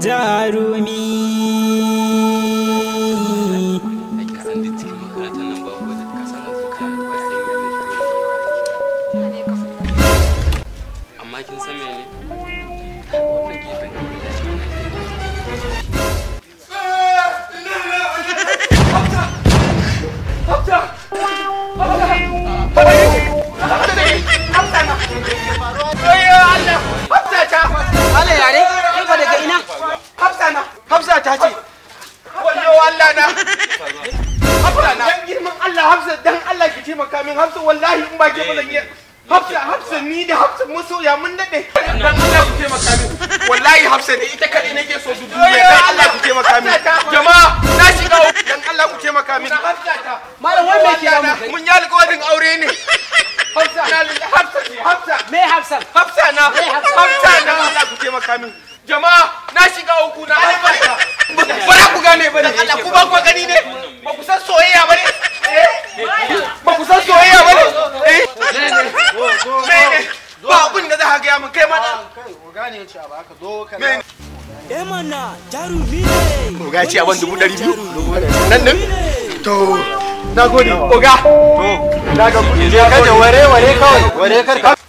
jarumi ta ce wallahi Allah na Hafsa na dan girman Allah Hafsa dan Allah ki taimaka min Hafsa wallahi in ba ke ba zan Hafsa Hafsa ni da Hafsa masoya mun dade dan Allah ki taimaka min wallahi Hafsa ne ita kadai nake so su duba dan Allah ki taimaka min jama'a na shiga dan Allah ku taimaka min Hafsa ta malam wai me ke mu mun yi alƙawarin aure ne Hafsa na Hafsa Hafsa me Hafsa Hafsa na Hafsa na Allah ku taimaka min jama'a na shiga uku na bane Allah ku ba bane bane eh? eh? za ka gaya min ma kai eh, Oga ce abin dubu ɗari biyu. Nan nan? To, na gode. Oga. To, na ga kuɗi. ware ware kawai. Ware